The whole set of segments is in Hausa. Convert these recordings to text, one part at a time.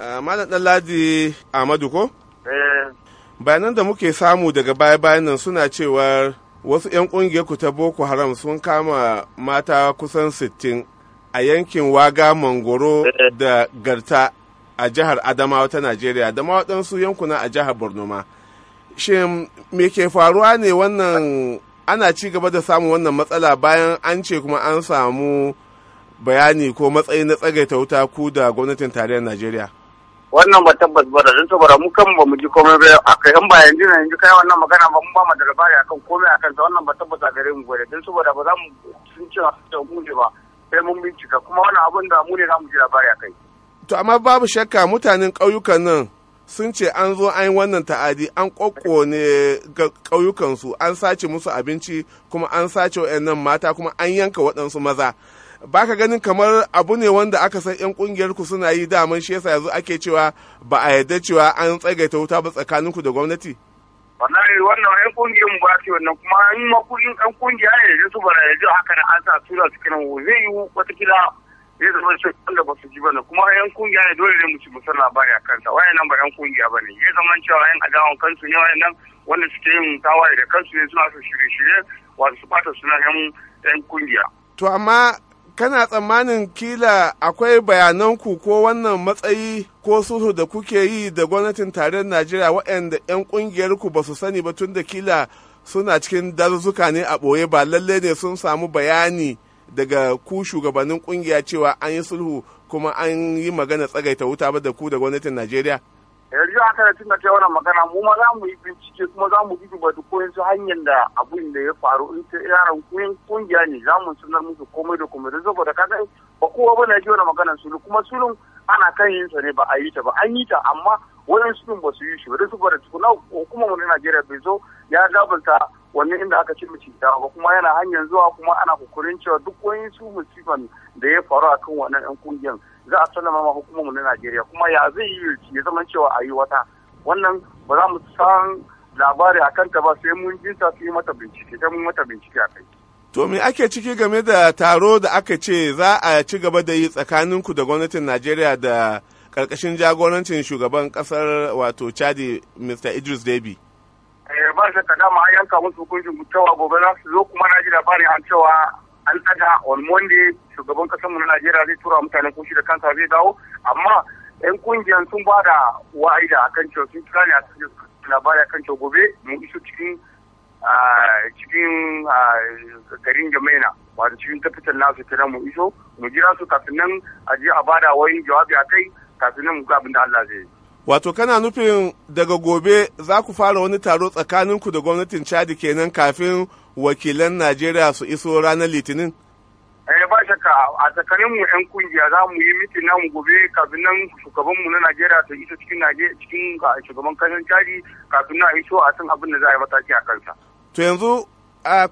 Eh, Malam Ɗanladi Amadu ko? Eh. Bayanan da muke samu daga baya-bayan nan suna cewa wasu 'yan ƙungiyar ku ta Boko Haram sun kama mata kusan sittin a yankin Waga Mangoro eh. da Garta a jihar Adamawa ta Najeriya da waɗansu yankuna a jihar Borno ma. Shin me ke faruwa ne wannan ana ci gaba da samun wannan matsala bayan an ce kuma an samu bayani ko matsayi na tsagaita wuta ku da gwamnatin tarayyar Najeriya? wannan ba tabbas ba da saboda mu kan ba mu ji komai ba in ba yanzu na yanzu kai wannan magana ba mu ba mu da labari akan komai akan sa wannan ba tabbas a gare mu ba don saboda ba za mu sun ce mu ne ba sai mun bincika kuma wannan abin da mu ne za mu ji labari akai to amma babu shakka mutanen ƙauyukan nan sun ce an zo an yi wannan ta'adi an ƙoƙo ne ga ƙauyukansu an sace musu abinci kuma an sace wa'annan mata kuma an yanka waɗansu maza baka ganin kamar abu ne wanda aka san 'yan kungiyar ku suna yi daman shi yasa yanzu ake cewa ba a yarda cewa an tsagaita wuta ba tsakanin ku da gwamnati wannan wannan 'yan kungiyar mu ba su wannan kuma in makullin ƴan kungiya ne da su ba da yanzu haka na an sa da su kiran zai yi watakila zai zama shi wanda ba su ji ba kuma 'yan kungiya ne dole ne mu ci musan labari a kansa wayan nan ba 'yan kungiya ba ne zai zama cewa 'yan adawan kansu ne wayan nan wanda suke yin tawaye da kansu ne suna su shirye-shirye wasu su bata suna 'yan kungiya. to amma kana tsammanin kila akwai bayananku ko wannan matsayi ko sulhu da kuke yi da gwamnatin tarayyar najeriya waɗanda 'yan ƙungiyarku ba su sani ba tun da kila suna cikin dazuzzuka ne a ɓoye ba lalle ne sun samu bayani daga ku shugabannin ƙungiya cewa an yi sulhu kuma an yi magana tsagaita wuta ba da ku da gwamnatin najeriya yanzu haka da tun da ta wannan magana mu ma za mu yi bincike kuma za mu duba duk wani hanyar da abin da ya faru in ta yaran kuyin kungiya ne za mu sanar musu komai da komai da saboda kaga ba kowa ba na ji wannan magana sulu kuma sulun ana kan yin sa ne ba a yi ta ba an yi ta amma wani sulun ba su yi shi ba da saboda tukuna hukumar mu na Najeriya bai zo ya gabata wani inda aka ci mace ta ba kuma yana hanyar zuwa kuma ana kokarin cewa duk wani su musifan da ya faru akan wannan yan kungiyar. za a sanar ma hukumar na Najeriya kuma ya zai yi ya zama cewa a yi wata wannan ba za mu san labari a kanta ba sai mun jinta su yi mata bincike sai mun mata bincike a kai. To me ake ciki game da taro da aka ce za a ci gaba da yi tsakanin ku da gwamnatin Najeriya da karkashin jagorancin shugaban kasar wato Chadi Mr. Idris Deby. Eh ba shakka dama an yanka musu hukuncin cewa gobe za su zo kuma na ji labari an cewa an ɗaga on monday shugaban kasar mu na najeriya zai tura mutanen kushi da kansa zai dawo amma yan kungiyar sun ba da wa'ida a akan cewa sun kira ne a cikin labari akan cewa gobe mu iso cikin cikin garin jamaina wato cikin kafitan nasu kira mu iso mu jira su kafin nan a je a bada wani jawabi a kai kafin nan mu ga abin da Allah zai yi. Wato kana nufin daga gobe za ku fara wani taro tsakaninku da gwamnatin Chadi kenan kafin wakilan Najeriya su iso ranar Litinin? Eh ba shakka a tsakanin mu yan kungiya za mu yi mitin namu gobe kafin nan shugaban mu na Najeriya su iso cikin shugaban kasan caji kafin na iso a san abin da za a yi mataki a kansa. To yanzu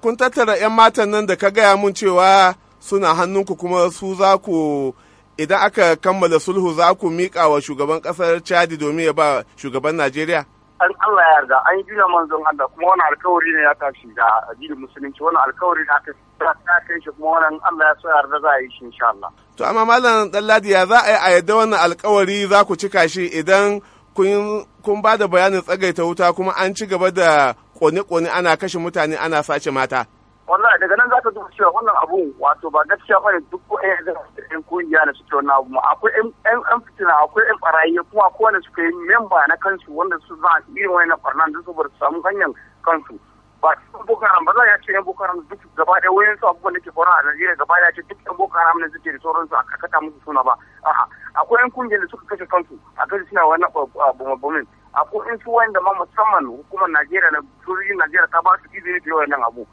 kun tattara 'yan matan nan da ka gaya mun cewa suna hannunku kuma su za ku idan aka kammala sulhu za ku miƙa wa shugaban ƙasar Chadi domin ya ba shugaban Najeriya? an Allah ya yarda an gina manzon Allah kuma wani alkawari ne ya tashi da addinin musulunci wani alkawari da aka ta kai shi kuma wannan Allah ya so yarda za a yi shi insha Allah to amma mallan Dalladi ya za a yi a yarda wannan alkawari za ku cika shi idan kun kun ba da bayanin tsagaita wuta kuma an ci gaba da kone-kone ana kashe mutane ana sace mata wallahi daga nan za ka duba cewa wannan abun wato ba gaskiya bane duk ko ɗaya ɗan kungiya na suke wannan abu akwai yan fitina akwai yan ɓarayi kuma ko wanda suka yi memba na kansu wanda su za a irin wani na farnan da su su samu hanyar kansu ba su boko haram ba za a ce yan boko haram duk gaba ɗaya wani su abubuwan da ke faruwa a Najeriya gaba ɗaya ce duk yan boko haram ne suke da sauransu a kakata musu suna ba a'a akwai yan kungiya da suka kashe kansu a kan suna wannan bumabumin akwai yan su wanda ma musamman hukumar Najeriya na sojojin Najeriya ta ba su izini da yawan nan abu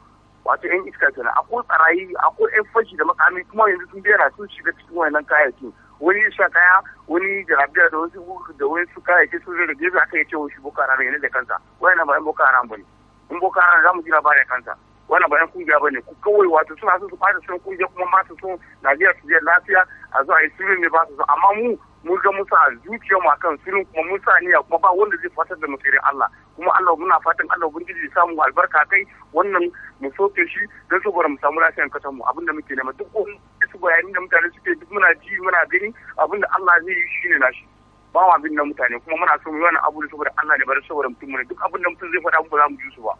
wato yan iska kenan akwai tsarayi akwai yan fashi da makami kuma yanzu sun daina sun shiga cikin wannan kayayyakin wani sha kaya wani jarabiya da wasu da wani su kayayyaki sun zai da gefe aka yi cewa shi boko haram yana da kansa wani ba yan boko haram bane in boko haram za mu ji labarin kansa wani ba yan kungiya bane kawai wato suna son su fata sun kungiya kuma ma su so Najeriya su je lafiya a zuwa yi sirri ne ba su so amma mu mun ga musa zuciya mu akan filin kuma mun sa niyya kuma ba wanda zai fatar da musirin Allah kuma Allah muna fatan Allah ubangiji ya samu albarka kai wannan mu soke shi don saboda mu samu lafiyar kasar mu abinda muke nema duk ko su bayani da mutane suke duk muna ji muna gani abinda Allah zai yi shine nashi ba wa bin nan mutane kuma muna so mu yi wani abu da saboda Allah ne bar saboda mutum ne duk abinda mutum zai faɗa mu ba za mu ji su ba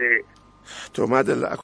eh to madalla